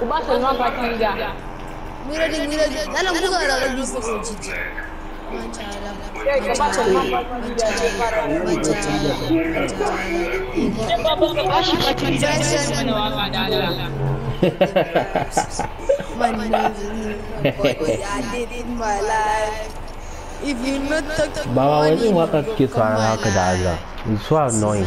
O Barcelona vai te ligar. Mira di, mira di. Dale ancora la vista con Gigi. Baba, why do you want to kiss her and her kadaza? It's so annoying.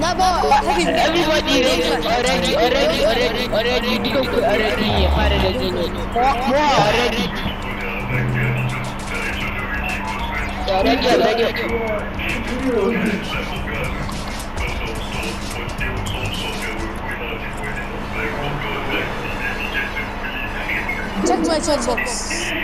No, but everybody already, already, already, already, took already Paradisini. More already. Already, already. Check my soundbox.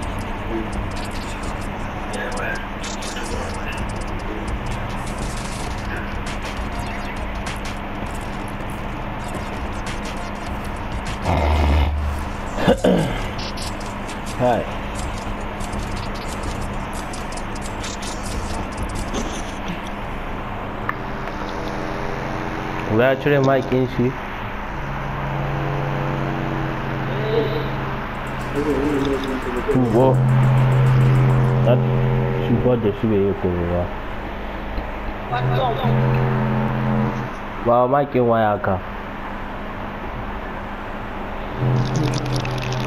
Hi. Where are you, Mike? in she? Who that? She bought the sugar here for Mike, Wow, mic in car?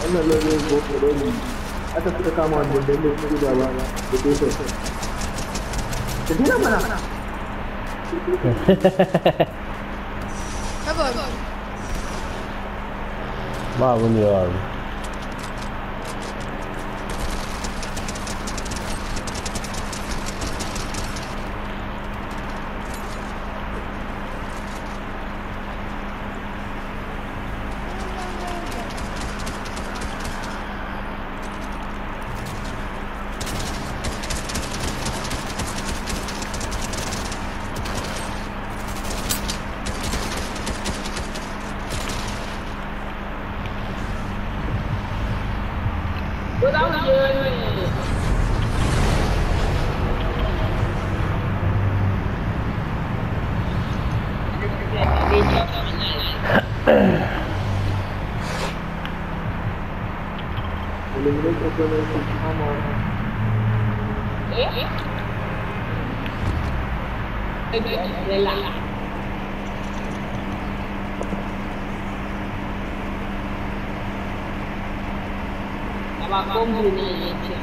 wannan lobin ko kodoni aka suka kama wanda da ne su da ba da teso ta dina mana ba abin Vacuum urination.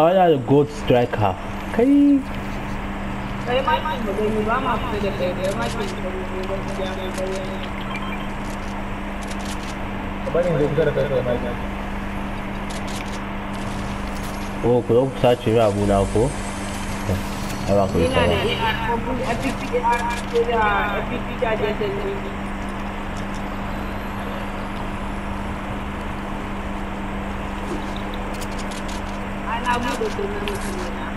Oh, a good striker. خي वो क्रोक साथ छिड़ा बुलाओ को अब आप नहीं नहीं आपको एपिक एपिक का जैसे आना वो तो ना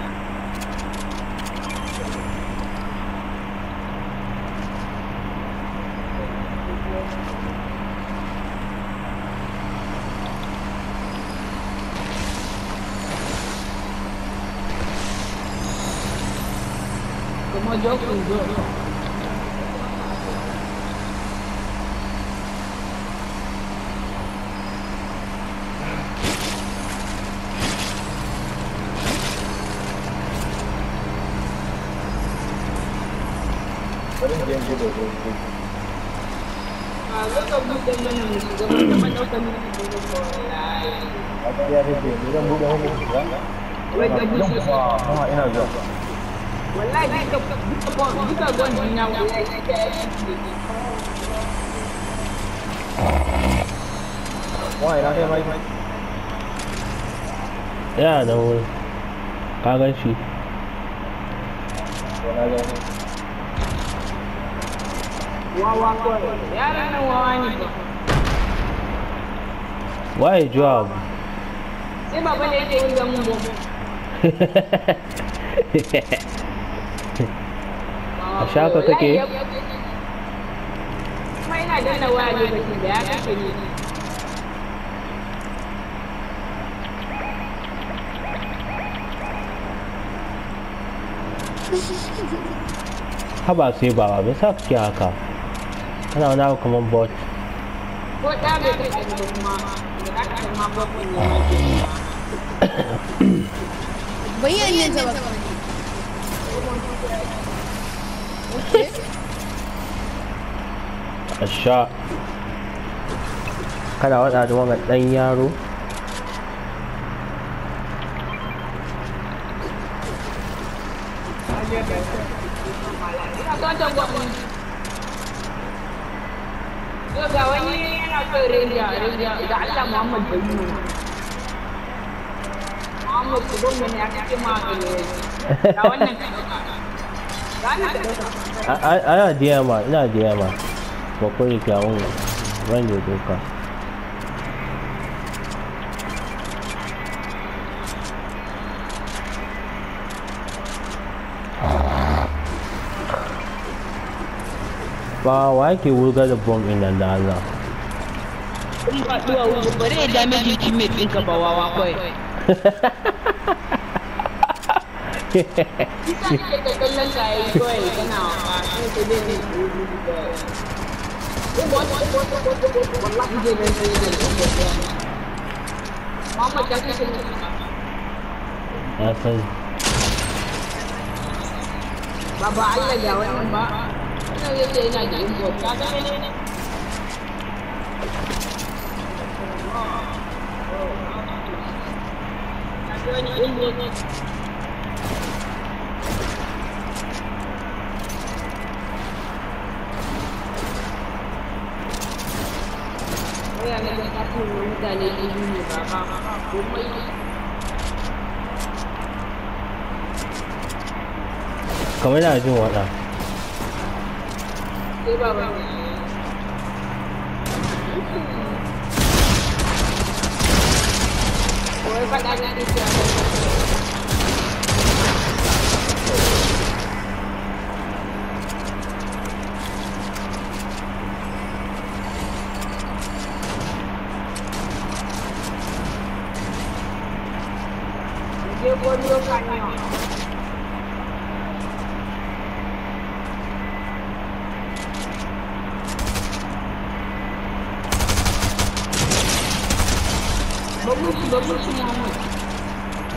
nó dốt từ vừa Lúc ông đưa tên mình, mình bắt đầu tên mình là... Bây giờ thì chuyển đi ra mũi đâu không? Bây giờ như thế... Lúc họ hỏi nào rồi? Wallahi kita kita kita buat dengan Why not him right? Ya da wuri. Ka gan shi. Wawa kawai. Yaran nan wawa ne. Why job? Sai baba ne yake yin gamin bobo. a shafa kake haba sai ba wa sa kuke haka kana wani abu kamar bot aka yanzu ba Asha. Kana wada da wanga dan yaro. Ga wani yana ana diyama ina diyama ba kawai kyawun wanda ya doka ba wa yake wurga da bomb ɗin nan da Allah ba duwa Kita kaitan kay Joel, ano, ano si Din. Muhammad kasi siya. Okay. Babaan na gawin mo ba? Ano yung tinagin ko? Kakainin. Oh. Oh. Kakainin. waya da mutane ilimi kamar yana jin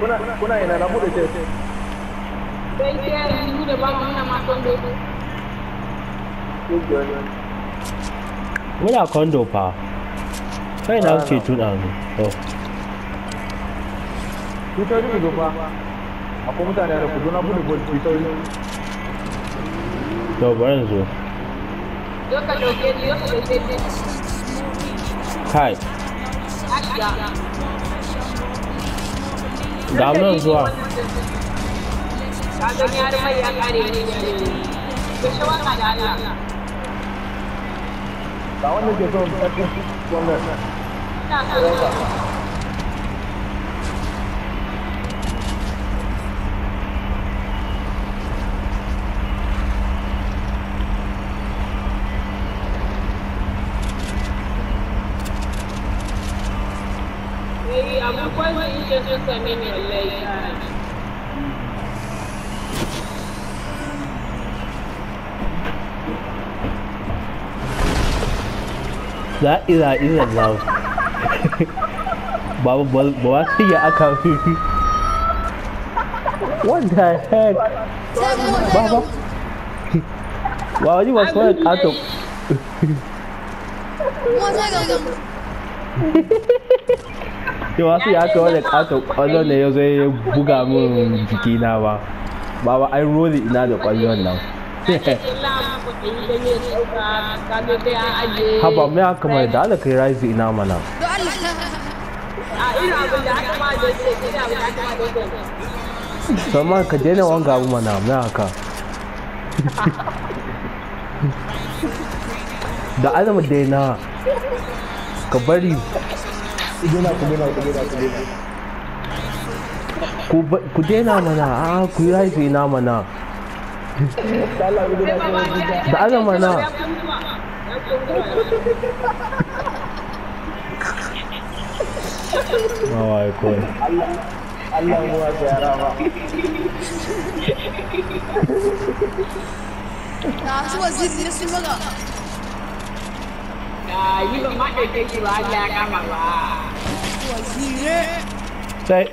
kuna kuna ina na bude ce sai sai ni bude ba mun na ma kondo muna kondo fa kai na ce tun an to tutori mu fa akwai mutane da kudu na bude bol tutori to bari zo Kai. 咱们走啊！咱们就走，咱们走呢。诶，咱们快快一点一点走，没呢。that that isn't love babu ba su ya aka what the heck baba wow you was like out You was wasu ya aka wani kato kwallon da ya zo ya buga min jikina ba baba an roli ina da haba mai haka mai da ala kai razi ina mana sama ka daina wanga abu mana mai haka da adam daina ka bari ku daina mana a ah, ku yi razi ina mana Dah lah mana? Oh ikut. Allah mu aja ramah. Nasi Nah, ini memang ada jiwa kamera. Wajib. Cek.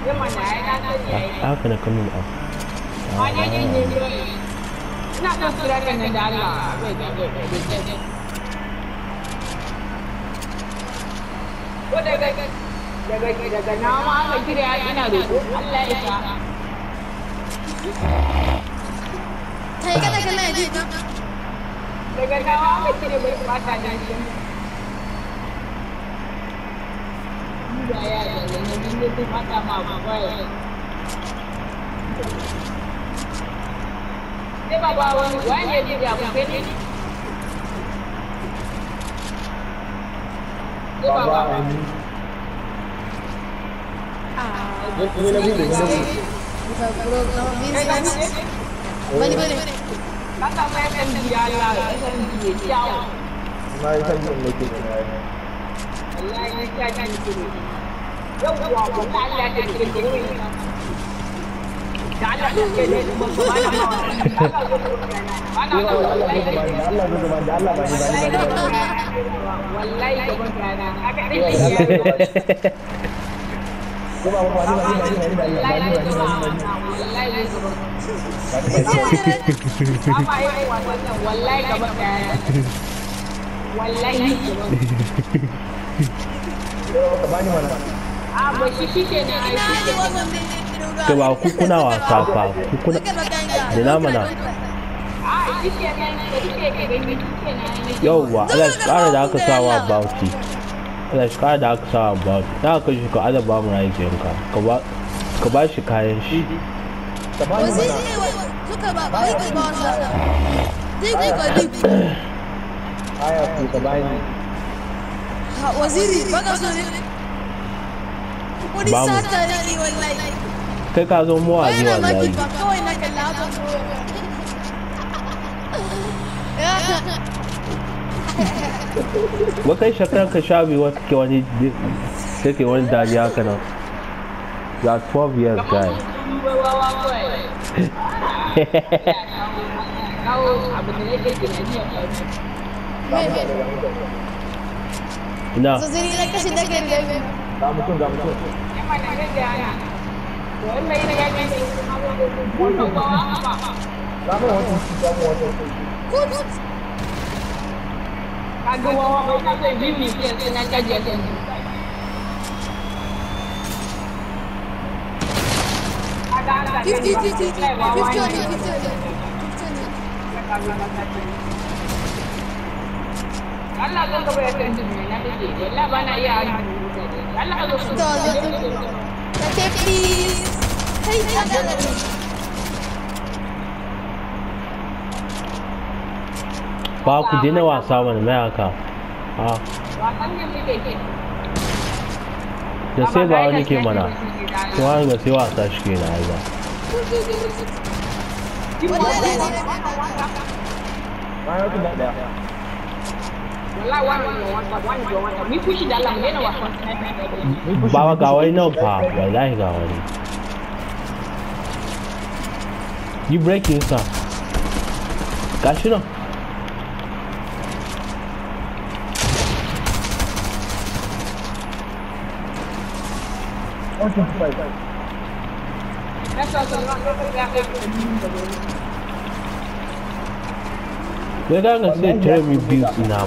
How can I come in Thế bà bà quá nhiều gì vào bên đi. Thế bà bà. À. Biết cái nó biết được không? Giờ cô nó biết cái gì? Bên đi bên đi. Bắt tao em em gì à là ở thân gì chào. Nay thân dụng lịch trình này. Nay nay nay nay lịch trình. yawwa ko ta Allah da ke koyi da Allah da ke ne kuma ba na ba na ba Allah da ba da Allah ba da wallahi da ban kana a ga rin ya Coba apa ini lagi lagi lagi lagi lagi lagi lagi lagi lagi Wallahi Wallahi a shi shi ke ne ai shi ke ba ku kuna wasa fa ku kuna da na mana yauwa ala shi kara da aka sawa bauti ala shi kara da aka sawa bauti da aka shi ka ala ba mu rayu ka ka ba shi kayan shi waziri ba ka so ne Vamos. ¿Qué caso muazi wallahi? Baka shakar ka sha biyu wasu que wani take wani dariya haka nan. You are 12 years guy. Ina. So zai yi lakashin da gari Dá một chút, dá một chút. Em mày này lên kìa anh ạ. Rồi em lấy này anh em mình không có được muốn không có á. Dá một chút, dá một chút. Cút cút. Anh đua hoa với các thầy viên mình tiền tiền anh cho dễ tiền. Give, give, give, give, give, give Johnny, give Johnny, give Johnny. Allah kan keberatan dunia, nanti dia lah banyak yang Ba ku dina wasa mana na haka. Da sai ba wani ke mana. Ko an ga sai wasa shi ke na aiba. Wani da ne? da Bawa ga wani nan fa wallahi ga wani. Yi breaking sa. Gashi nan. Whether or not they tell me bills in our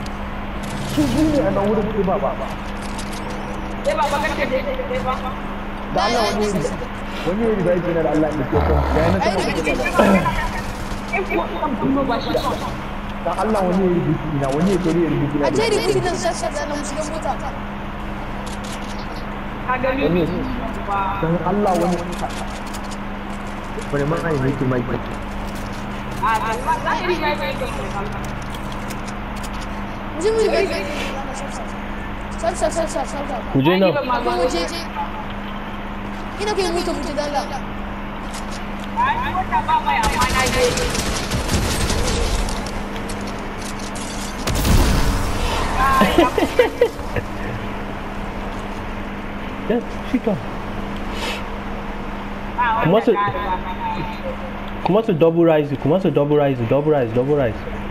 shi shi ne a wurin ba ba ba da Allah wani wani yake na da Allah ke kan yana da Allah wani wani a jeri biki da mota Allah wani wani ne mai a मुझे मुझे चल चल चल चल चल मुझे ना मुझे ये ना कि मुझे मुझे डाला Yes, shoot her. Come on to, come on to double rise, come on to double rise, double rise, double rise.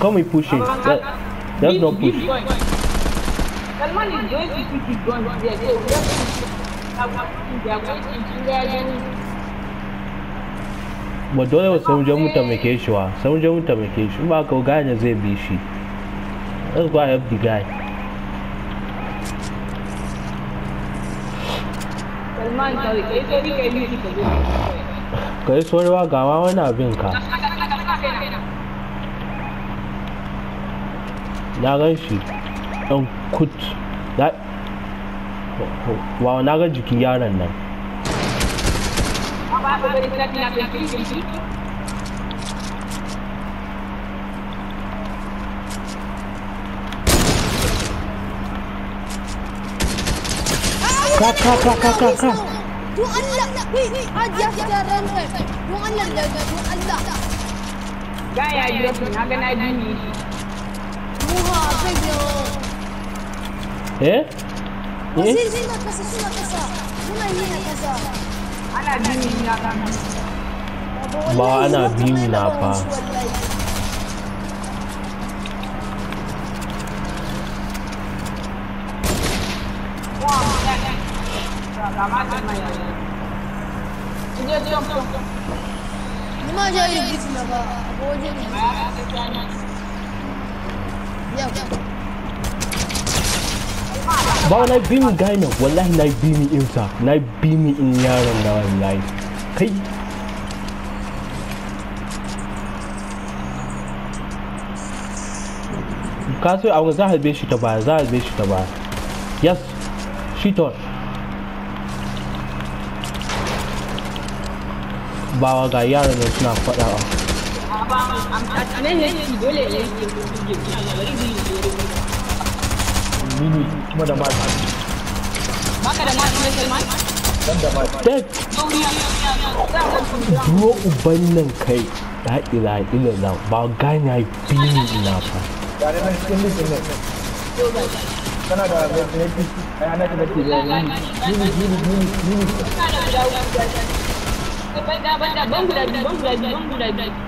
Come we push it. Let, let's not push. But don't going some jump to make sure. Some jump to make sure. Mark or guy is a sai let's go help the guy kai sai kai ga ma wani abin ka na gan shi ɗan kut wa na ga jikin yaron nan ka ka ka ka ka ka Allah Allah Allah na ga na bi ¿Eh? ¿Eh? Sí, sí, la casa, sí, la casa. Una niña casa. Ana bin ya kanka. Ba ana bin na fa. Gidiyor diyorum. Bunu acayip gitme bak. Bu acayip. ba na bi ni gane wallahi na bi ni insa na bi ni in yaron da wallahi kai ka so a za a be shi ta ba za a be shi ta ba yes shi ton bawa ga yaron da suna fada faɗawa a nan ne dole ne ke mini kuma da mata baka da mata ne Salman dan da mata dai duwa uban nan kai ta ila ila na ba gane bini ina fa gare cikin ne kana da netflix ai ana da ke da mini mini mini mini kana da dawo ban guda ban guda ban guda ban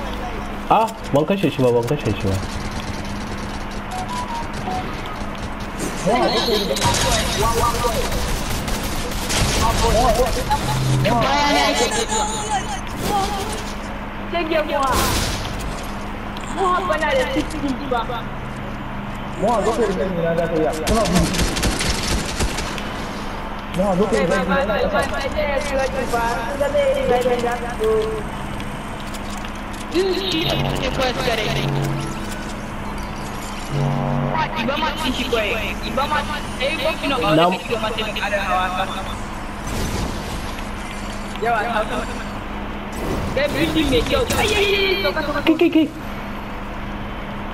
А, балкаш еще, балкаш еще. Moi, Não. Que que que?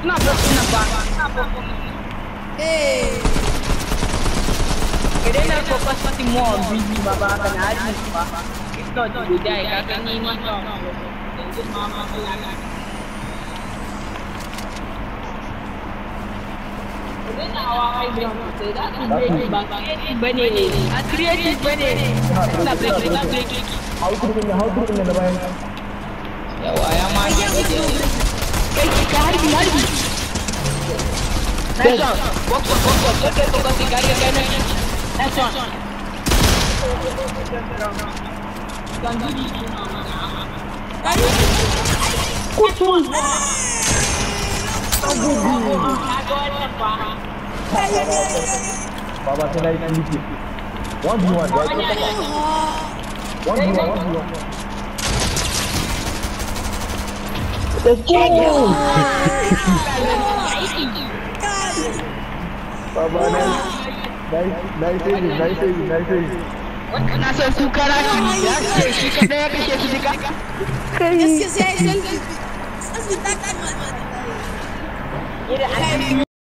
Na boca, na boca, na boca. Ei. Querendo a copa se move, babá, canagem, babá. Estou de cuidar, cara, nem mandou. बने creative बने सब break break break break how to kin how to kin दबाए या आया मार के कार भी मार भी Nice one. Box one, box one. Check it, focus the carrier cannon. Nice one. Gandhi. Which one? Baba said I killed you. One you want, right? One you want, one you want. Let's go! Baba, nice, nice, nice, nice, nice, nice. na san su kara shi shi kadai ya kashe su